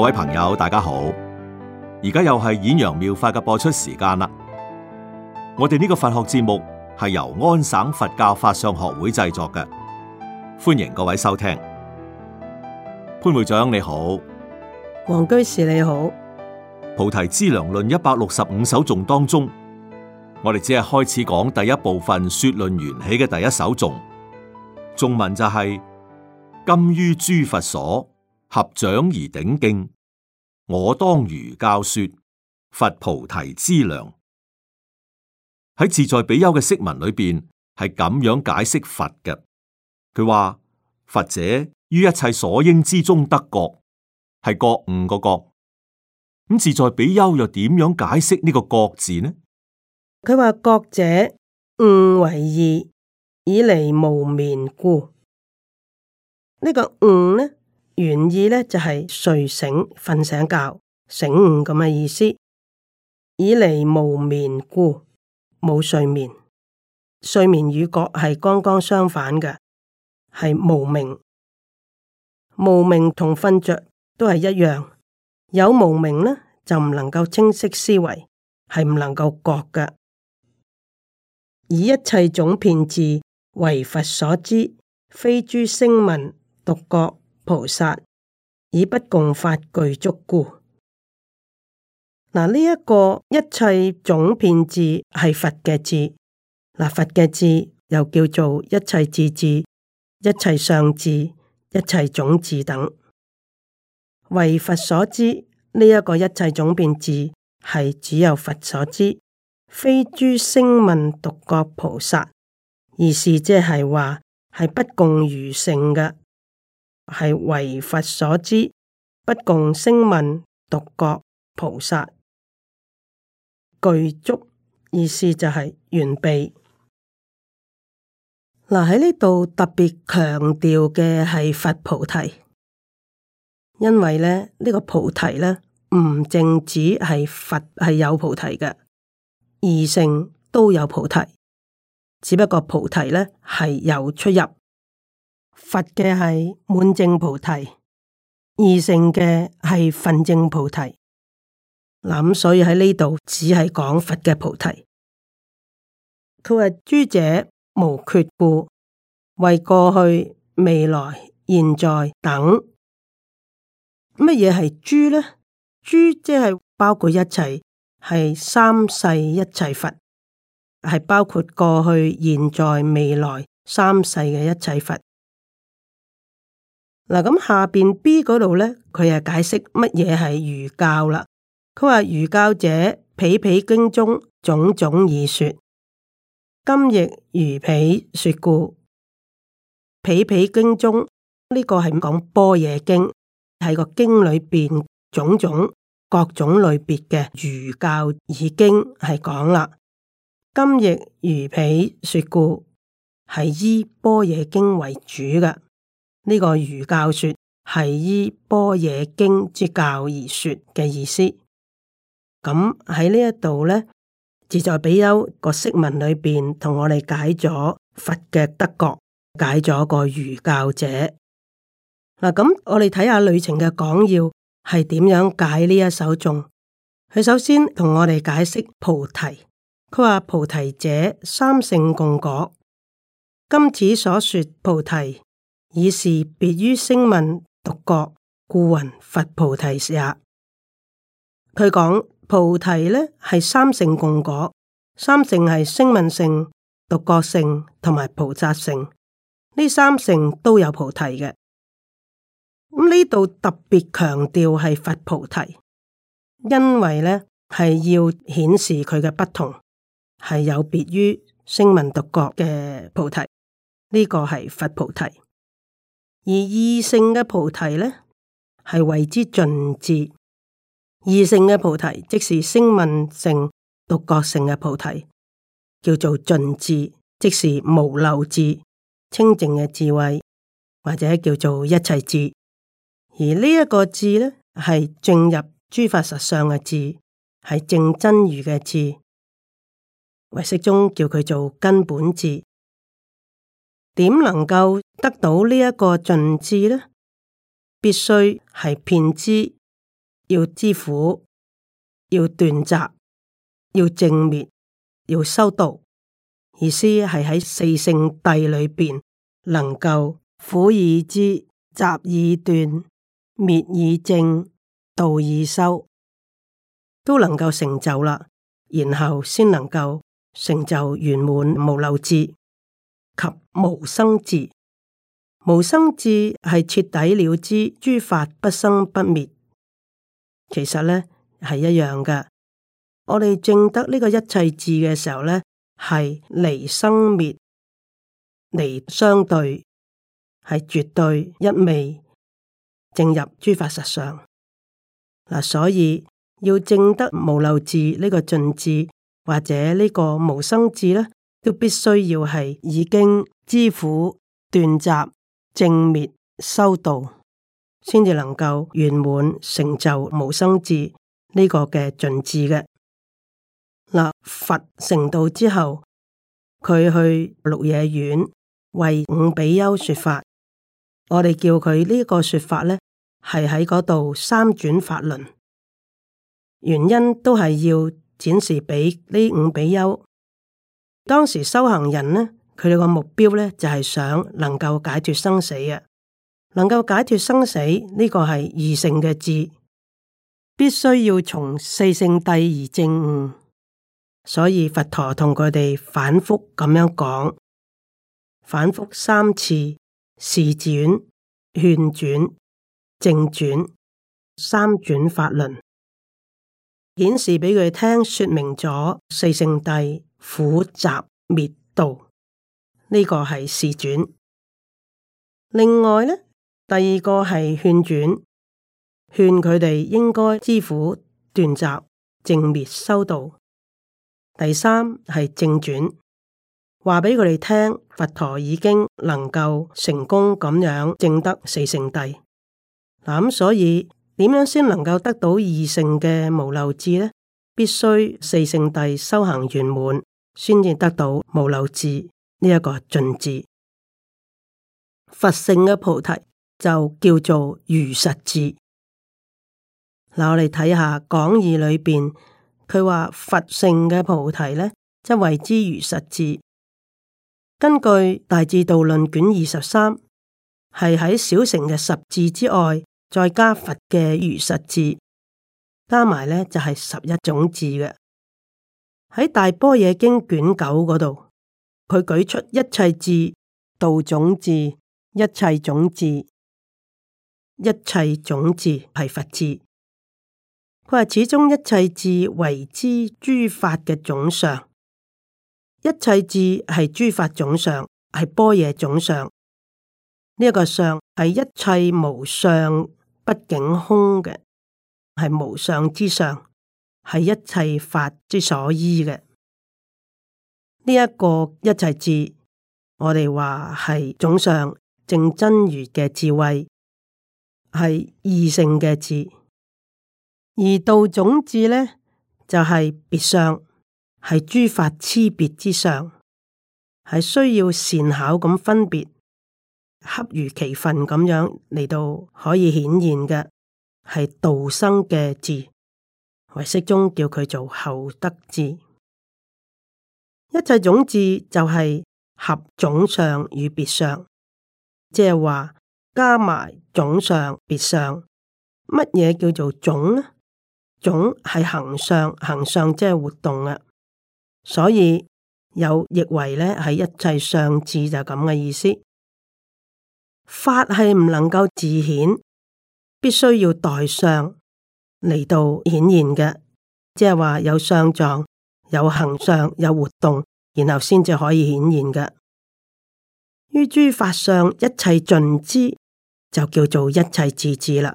各位朋友，大家好！而家又係《演揚妙，妙法》嘅播出時間啦。我哋呢個佛學節目係由安省佛教法相學會製作嘅，歡迎各位收聽。潘會長你好，黃居士你好，《菩提資糧論》一百六十五首頌當中，我哋只係開始講第一部分說論緣起嘅第一首頌，頌文就係金於諸佛所。合掌而頂敬，我當如教說，佛菩提之糧。喺自在比丘嘅釋文裏邊，係咁樣解釋佛嘅。佢話佛者於一切所應之中得覺，係覺悟嗰個覺。咁自在比丘又點樣解釋呢個覺字呢？佢話覺者悟、嗯、為義，以離無明故。呢、呢個悟、嗯、呢？原意呢就係睡醒、瞓醒覺、醒悟咁嘅意思，以嚟無眠故，冇睡眠。睡眠與覺係剛剛相反嘅，係無明。無明同瞓着都係一樣。有無明呢就唔能夠清晰思維，係唔能夠覺嘅。以一切種遍智為佛所知，非諸聲聞獨覺，菩薩以不共法具足故，嗱呢一個一切種遍智係佛嘅智。嗱，佛嘅智又叫做一切智智、一切上智、一切種智等，為佛所知。呢、這、一個一切種遍智係只有佛所知，非諸聲聞獨覺菩薩，而是即係話係不共餘聖嘅。係為佛所知，不共聲聞獨覺菩薩具足，意思就係完備。嗱，喺呢度特別強調嘅係佛菩提，因為咧呢個菩提咧唔淨止係佛係有菩提嘅，二乘都有菩提，只不過菩提咧係有出入。佛嘅係滿正菩提，二乘嘅係分正菩提。嗱、嗯，咁所以喺呢度只係講佛嘅菩提。佢話諸者無缺故，為過去、未來、現在等。乜嘢係諸呢？諸即係包括一切，係三世一切佛，係包括過去、現在、未來三世嘅一切佛。嗱，咁、嗯、下邊 B 嗰度咧，佢又解釋乜嘢係如教啦。佢話如教者，彼彼經中種種已說。今亦如彼說故，彼彼經中呢、這個係講般若經，係個經裏邊種種各種類別嘅如教已經係講啦。今亦如彼說故，係依般若經為主嘅。呢個如教說係依般若經之教而說嘅意思。咁喺呢一度咧，自在比丘個釋文裏邊同我哋解咗佛嘅德覺，解咗個如教者。嗱，咁我哋睇下呂澂嘅講要係點樣解呢一首頌。佢首先同我哋解釋菩提，佢話菩提者三乘共果。今此所說菩提，以是別於聲聞獨覺，故云佛菩提也。佢講菩提呢係三性共果，三性係聲聞性、獨覺性同埋菩薩性，呢三性都有菩提嘅。咁呢度特別強調係佛菩提，因為呢係要顯示佢嘅不同，係有別於聲聞獨覺嘅菩提，呢、呢個係佛菩提。而異性的菩提呢，係謂之盡智。異性的菩提，即是聲聞性、獨覺性嘅菩提，叫做盡智，即是無漏智、清淨嘅智慧，或者叫做一切智。而呢一個智呢，係進入諸法實相嘅智，係正真如嘅智。唯識宗叫佢做根本智。點能夠？得到呢一個盡智呢，必須係遍知，要知苦，要斷集，要證滅，要修道。意思係喺四聖諦裏邊，能夠苦以知，集以斷，滅以證，道以修，都能夠成就啦。然後先能夠成就圓滿無漏智及無生智。無生智係徹底了知諸法不生不滅，其實呢係一樣嘅。我哋證得呢個一切智嘅時候呢，係離生滅、離相對，係絕對一味，證入諸法實相。嗱、啊，所以要證得無漏智呢個盡智或者呢個無生智呢，都必須要係已經知苦斷集。正滅修道，先至能夠圓滿成就無生智呢、這個嘅盡智嘅。嗱，佛成道之後，佢去鹿野苑為五比丘說法，我哋叫佢呢個說法咧係喺嗰度三轉法輪，原因都係要展示俾呢五比丘，當時修行人呢。佢哋個目標咧就係、是、想能夠解脱生死啊！能夠解脱生死呢、這個係二性嘅字，必須要從四聖諦而正悟。所以佛陀同佢哋反覆咁樣講，反覆三次示轉、勸轉、正轉三轉法輪，顯示畀佢聽，說明咗四聖諦苦集滅道。呢個係示轉，另外呢第二個係勸轉，勸佢哋應該知苦、斷集、證滅修道。第三係證轉，話畀佢哋聽，佛陀已經能夠成功咁樣證得四聖諦。嗱咁，所以點樣先能夠得到二聖嘅無漏智呢？必須四聖諦修行圓滿，先至得到無漏智。呢一個盡智，佛性嘅菩提就叫做如實智。嗱，我哋睇下講義裏邊，佢話佛性嘅菩提呢，即係謂之如實智。根據《大智度論》卷二十三，係喺小乘嘅十智之外，再加佛嘅如實智，加埋呢就係十一種智嘅。喺《大般若經》卷九嗰度。佢舉出一切智、道種智、一切種智，一切種智係佛智。佢話始終一切智為之諸法嘅總相，一切智係諸法總相，係般若總相。呢、這、一個相係一切無相畢竟空嘅，係無相之上，係一切法之所依嘅。呢一個一切智，我哋話係總相正真如嘅智慧，係異性嘅智；而道種智呢，就係、是、別相，係諸法差別之相，係需要善巧咁分別，恰如其分咁樣嚟到可以顯現嘅，係道生嘅智，唯識宗叫佢做後得智。一切種智就係合總相與別相，即係話加埋總相、別相。乜嘢叫做種呢？種係行相，行相，即係活動啊。所以有譯為呢，係一切相智就咁嘅意思。法係唔能夠自顯，必須要代相嚟到顯現嘅，即係話有相狀。有行相，有活動，然後先至可以顯現嘅。於諸法相，一切盡知，就叫做一切智智啦。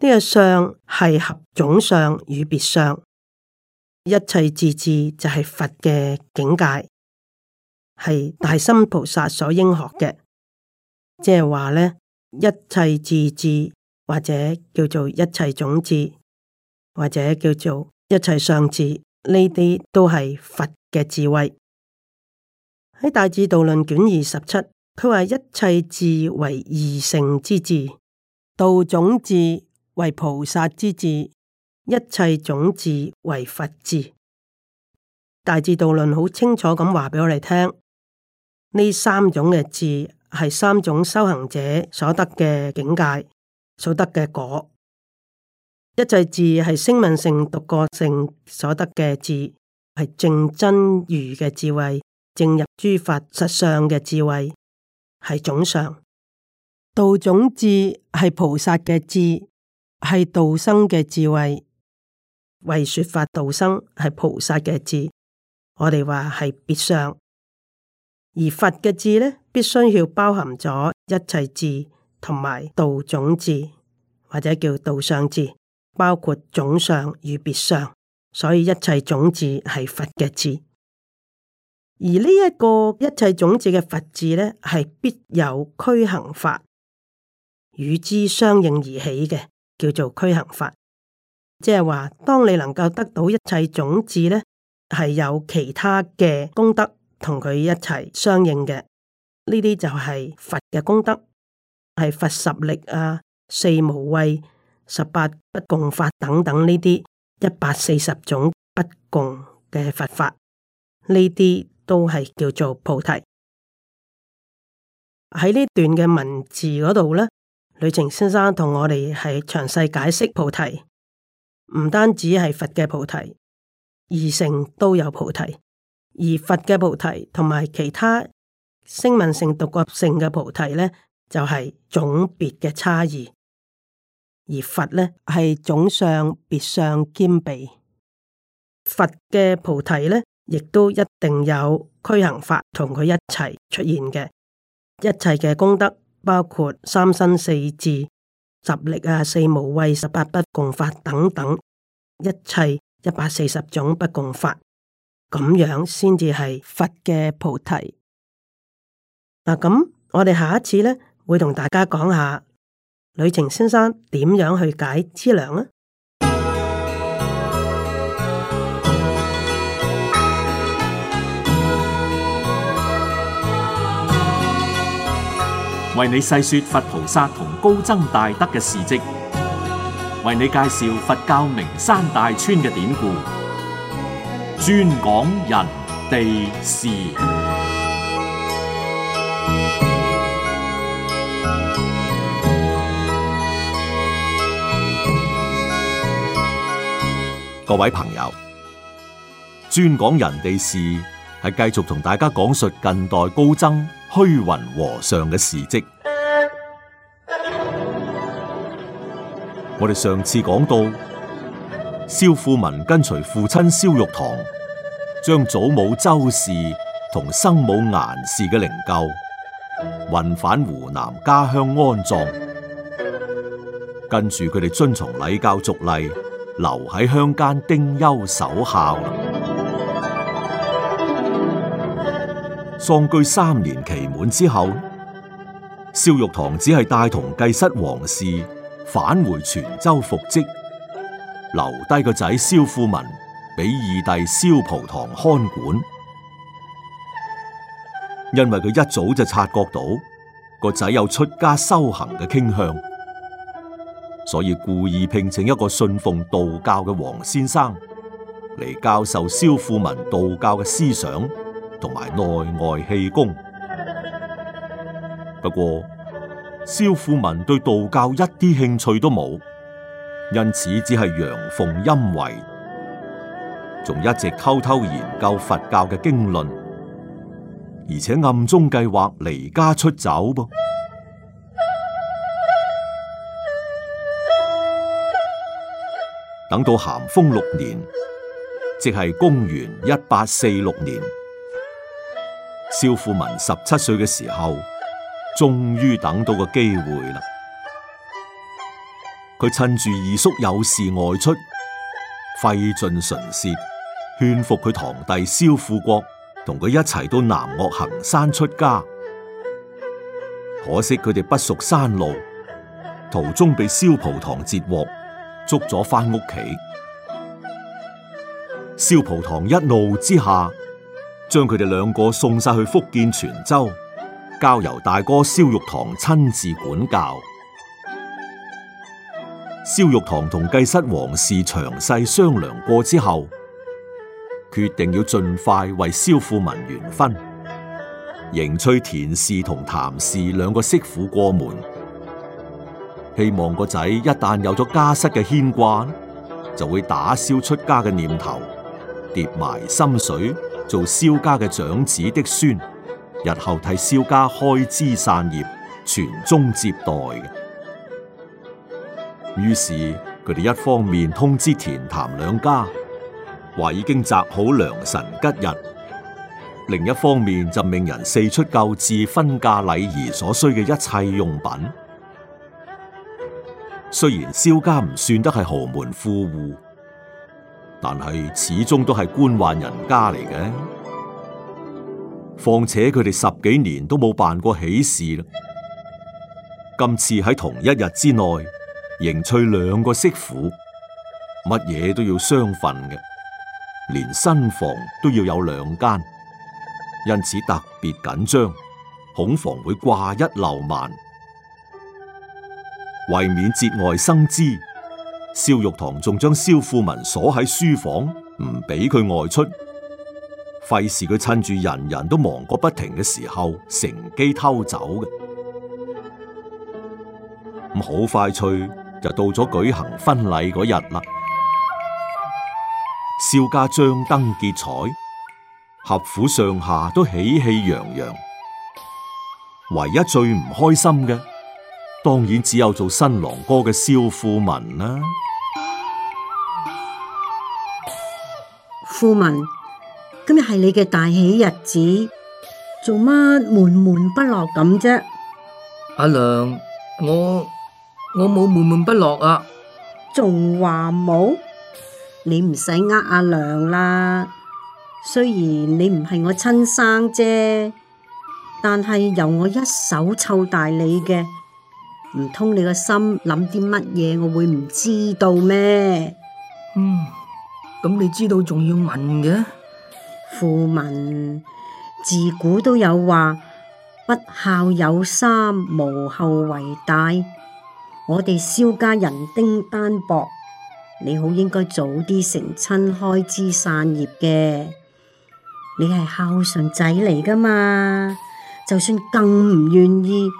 呢、這個相係合總相與別相，一切智智就係佛嘅境界，係大心菩薩所應學嘅。即係話咧，一切智智或者叫做一切種智，或者叫做一切相智。呢啲都係佛嘅智慧。喺《大智度論》卷二十七，佢話一切智為二乘之智，道種智為菩薩之智，一切種智為佛智。《大智度論》好清楚咁話畀我哋聽，呢三種嘅智係三種修行者所得嘅境界，所得嘅果。一切智係聲聞性、獨覺性所得嘅智，係正真如嘅智慧，正入諸法實相嘅智慧，係總相。道種智係菩薩嘅智，係道生嘅智慧，為說法道生係菩薩嘅智。我哋話係別相，而佛嘅智呢，必須要包含咗一切智同埋道種智，或者叫道相智。包括種相與別相，所以一切種子係佛嘅智，而呢一個一切種子嘅佛智咧，係必有俱行法與之相應而起嘅，叫做俱行法。即係話，當你能夠得到一切種子咧，係有其他嘅功德同佢一齊相應嘅，呢啲就係佛嘅功德，係佛十力啊、四無畏。十八不共法等等呢啲一百四十種不共嘅佛法，呢啲都係叫做菩提。喺呢段嘅文字嗰度咧，呂澂先生同我哋係詳細解釋菩提，唔單止係佛嘅菩提，二乘都有菩提，而佛嘅菩提同埋其他聲聞乘、獨覺乘嘅菩提咧，就係、是、種別嘅差異。而佛呢，係總相別相兼備，佛嘅菩提呢，亦都一定有俱行法同佢一齊出現嘅，一切嘅功德包括三身四智、十力啊、四無畏、十八不共法等等，一切一百四十種不共法，咁樣先至係佛嘅菩提。嗱、啊，咁我哋下一次呢，會同大家講下。呂澂先生點樣去解資糧啊？為你細說佛菩薩同高僧大德嘅事迹，為你介紹佛教名山大川嘅典故，專講人地事。各位朋友，專講人哋事，係繼續同大家講述近代高僧虛雲和尚嘅事迹。 我哋上次講到，蕭富民跟隨父親蕭玉堂，將祖母周氏同生母顏氏嘅靈柩運返湖南家鄉安葬，跟住佢哋遵從禮教俗例。留喺鄉間丁憂守孝，喪居三年期滿之後，蕭玉堂只係帶同繼室王氏返回泉州復職，留低個仔蕭富民，俾二弟蕭蒲堂看管，因為佢一早就察覺到個仔有出家修行嘅傾向。所以故意聘請一個信奉道教嘅黃先生嚟教授蕭富民道教嘅思想同埋內外氣功。不過蕭富民對道教一啲興趣都冇，因此只係陽奉陰違，仲一直偷偷研究佛教嘅經論，而且暗中計劃離家出走噃。等到咸豐六年，即係公元一八四六年，蕭富民十七歲嘅時候，終於等到個機會啦。佢趁住二叔有事外出，費盡唇舌勸服佢堂弟蕭富國同佢一齊到南岳衡山出家。可惜佢哋不熟山路，途中被蕭蒲堂截獲。捉咗返屋企，肖蒲堂一怒之下，將佢哋兩個送晒去福建泉州，交由大哥肖玉堂親自管教。肖玉堂同繼室王氏詳細商量過之後，決定要盡快為肖富民完婚，迎娶田氏同譚氏兩個媳婦過門。希望個仔一旦有咗家室嘅牽掛，就會打消出家嘅念頭，疊埋心水做蕭家嘅長子的孫，日後替蕭家開枝散葉、傳宗接代嘅。於是佢哋一方面通知田譚兩家，話已經擇好良辰吉日；另一方面就命人四出購置婚嫁禮儀所需嘅一切用品。雖然蕭家唔算得係豪門富戶，但係始終都係官宦人家嚟嘅。況且佢哋十幾年都冇辦過喜事啦，今次喺同一日之內迎娶兩個媳婦，乜嘢都要雙份嘅，連新房都要有兩間，因此特別緊張，恐防會掛一漏萬。為免節外生枝，蕭玉堂仲將蕭富民鎖喺書房，唔俾佢外出。費事佢趁住人人都忙個不停嘅時候，乘機偷走嘅。咁好快脆就到咗舉行婚禮嗰日啦。蕭家張燈結彩，合府上下都喜氣洋洋。唯一最唔開心嘅。當然只有做新郎哥嘅蕭富民啦，啊。富民，今日係你嘅大喜日子，做乜悶悶不樂咁啫？阿娘，我我冇悶悶不樂啊。仲話冇？你唔使呃阿娘啦。雖然你唔係我親生啫，但係由我一手湊大你嘅。唔通你個心諗啲乜嘢？我會唔知道咩？嗯，咁你知道仲要問嘅？富民，自古都有話，不孝有三，無後為大。我哋蕭家人丁單薄，你好應該早啲成親，開枝散葉嘅。你係孝順仔嚟㗎嘛？就算更唔願意。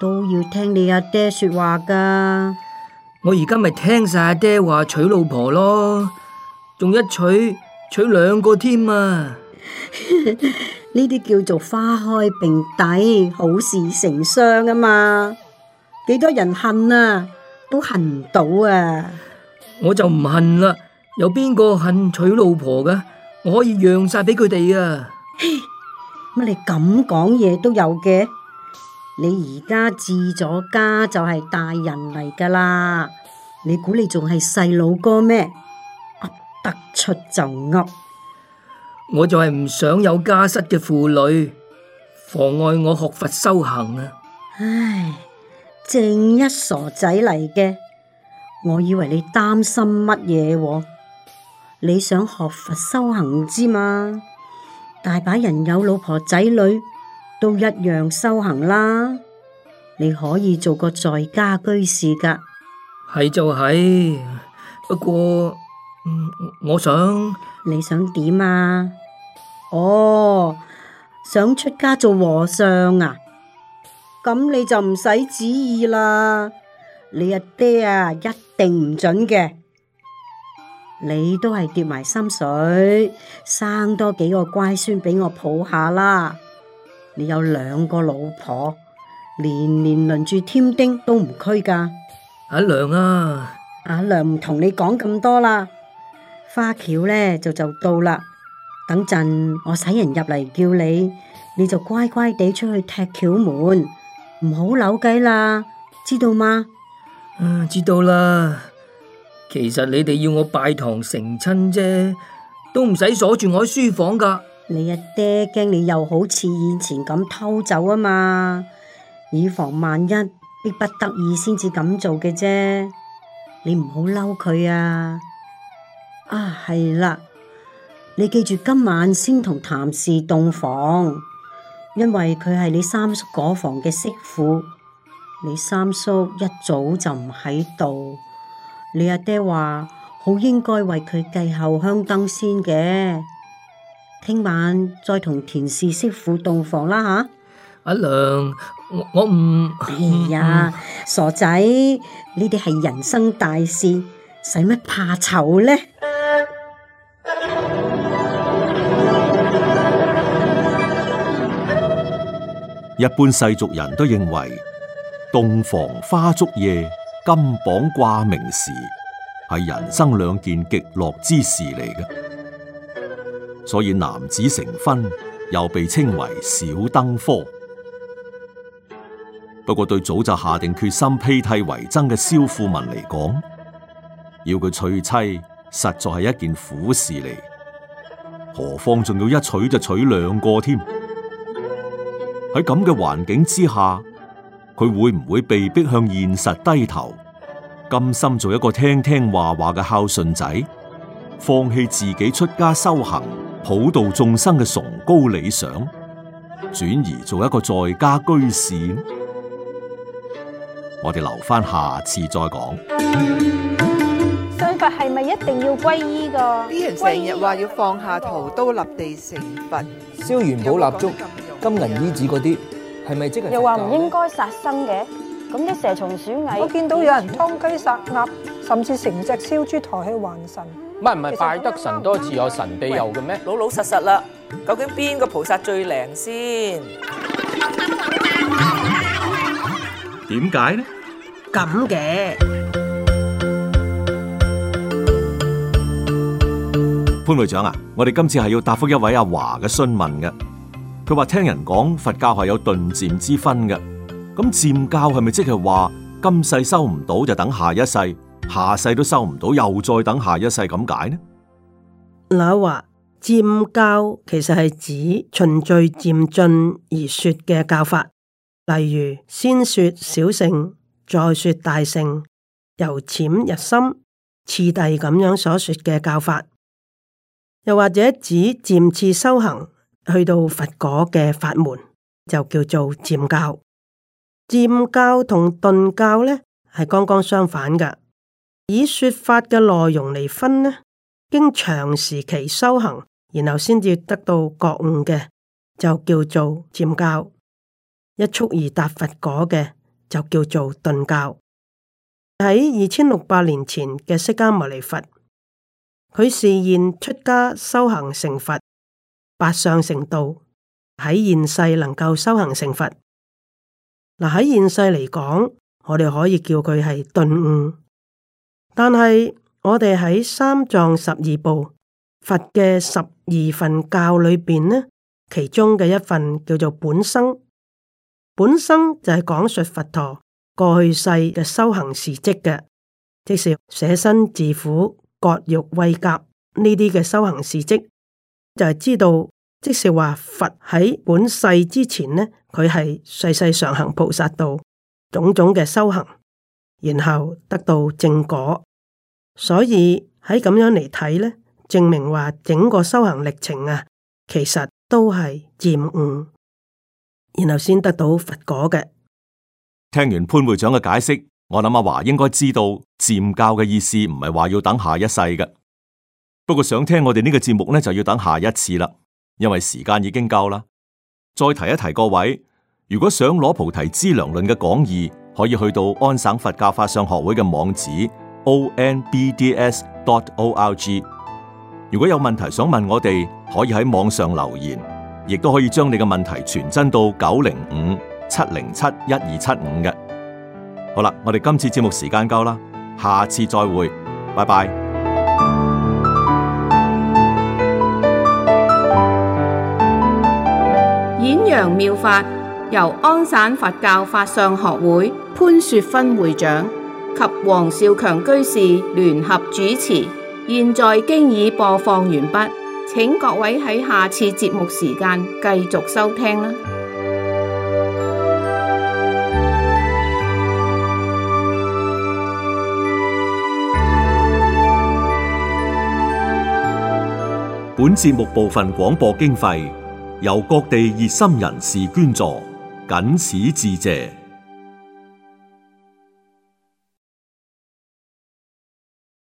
都要聽你阿爹，爹說話噶，我而家咪聽晒阿爹話娶老婆咯，仲一娶娶兩個添啊！呢啲 叫做花開並蒂，好事成雙啊嘛！幾多人恨啊，都恨唔到啊！我就唔恨啦，有邊個恨娶老婆噶？我可以讓晒俾佢哋啊！乜 你咁講嘢都有嘅？你而家置咗家就係大人嚟噶啦，你估你仲係細佬哥咩？噏、啊、得出就噏。我就係唔想有家室嘅婦女妨礙我學佛修行啊！唉，正一傻仔嚟嘅，我以為你擔心乜嘢？你想學佛修行之嘛？大把人有老婆仔女。都一樣修行啦，你可以做個在家居士㗎。係就係，是，不過我，我想你想點啊？哦，想出家做和尚啊？咁你就唔使旨意啦，你阿爹啊一定唔准嘅。你都係跌埋心水，生多幾個乖孫俾我抱下啦。你有兩個老婆，年年輪住添丁都唔拘噶。阿娘啊，阿娘唔同你講咁多啦。花轎咧就就到啦，等陣我使人入嚟叫你，你就乖乖地出去踢轎門，唔好扭計啦，知道嗎？嗯、啊，知道啦。其實你哋要我拜堂成親啫，都唔使鎖住我喺書房噶。你阿爹驚你又好似以前咁偷走啊嘛，以防萬一，逼不得已先至咁做嘅啫。你唔好嬲佢啊！啊，係啦，你記住今晚先同譚氏洞房，因為佢係你三叔嗰房嘅媳婦。你三叔一早就唔喺度，你阿爹話好應該為佢繼後香燈先嘅。聽晚再同田氏媳婦洞房啦吓！阿、啊、娘，我唔，我我 哎呀，傻仔，呢啲係人生大事，使乜怕醜呢？一般世俗人都認為，洞房花燭夜，金榜掛名時，係人生兩件極樂之事嚟嘅。所以男子成婚，又被稱為小登科。不過對早就下定決心披剃為僧嘅蕭富民嚟講，要佢娶妻實在係一件苦事嚟。何況仲要一娶就娶兩個添。喺咁嘅環境之下，佢會唔會被逼向現實低頭，甘心做一個聽聽話話嘅孝順仔，放棄自己出家修行？普度眾生嘅崇高理想，轉而做一個在家居士，我哋留翻下，下次再講。信佛係咪一定要皈依噶？啲人成日話要放下屠刀立地成佛，燒元寶蠟燭、金銀衣紙嗰啲，係咪、啊、即係？又話唔應該殺生嘅，咁啲蛇蟲鼠蟻，我見到有人偷雞殺鴨，甚至成隻燒豬抬去還神。唔係唔係，拜得神多自有神庇佑嘅咩？老老實實啦，究竟邊個菩薩最靈先？點解呢？咁嘅潘會長啊，我哋今次係要答复一位阿華嘅詢問嘅。佢話聽人講佛教係有頓漸之分嘅，咁漸教係咪即係話今世收唔到就等下一世？下世都收唔到，又再等下一世咁解呢？嗱，話漸教其實係指循序漸進而說嘅教法，例如先說小乘，再說大乘，由淺入深，次第咁樣所說嘅教法，又或者指漸次修行去到佛果嘅法門，就叫做漸教。漸教同頓教呢，係剛剛相反㗎。以說法嘅內容嚟分呢，經長時期修行，然後先至得到覺悟嘅，就叫做漸教；一蹴而達佛果嘅，就叫做頓教。喺二千六百年前嘅釋迦牟尼佛，佢示現出家修行成佛，八相成道，喺現世能夠修行成佛。嗱喺現世嚟講，我哋可以叫佢係頓悟。但係我哋喺三藏十二部佛嘅十二份教裏邊呢,其中嘅一份叫做本生，本生就係講述佛陀過去世嘅修行事跡嘅,即是捨身自苦、割肉餵鴿呢啲嘅修行事跡，就係知道,即是話佛喺本世之前呢,佢係世世常行菩薩道，種種嘅修行，然後得到正果。所以喺咁樣嚟睇呢，證明話整個修行歷程啊，其實都係漸悟，然後先得到佛果嘅。聽完潘會長嘅解釋，我諗阿華應該知道漸教嘅意思，唔係話要等下一世嘅。不過想聽我哋呢個節目呢，就要等下一次啦，因為時間已經夠啦。再提一提各位，如果想攞菩提資糧論嘅講義，可以去到安省佛教法相學會嘅網址。O N B D S dot o r g。如果有問題想問我哋，可以喺網上留言，亦都可以將你嘅問題傳真到九零五七零七一二七五嘅。好啦，我哋今次節目時間夠啦，下次再會，拜拜。演揚妙法由安省佛教法相學會潘雪芬會長，及黃少強居士聯合主持，現在經已播放完畢，請各位喺下次節目時間繼續收聽啦。本節目部分廣播經費由各地熱心人士捐助，僅此致謝。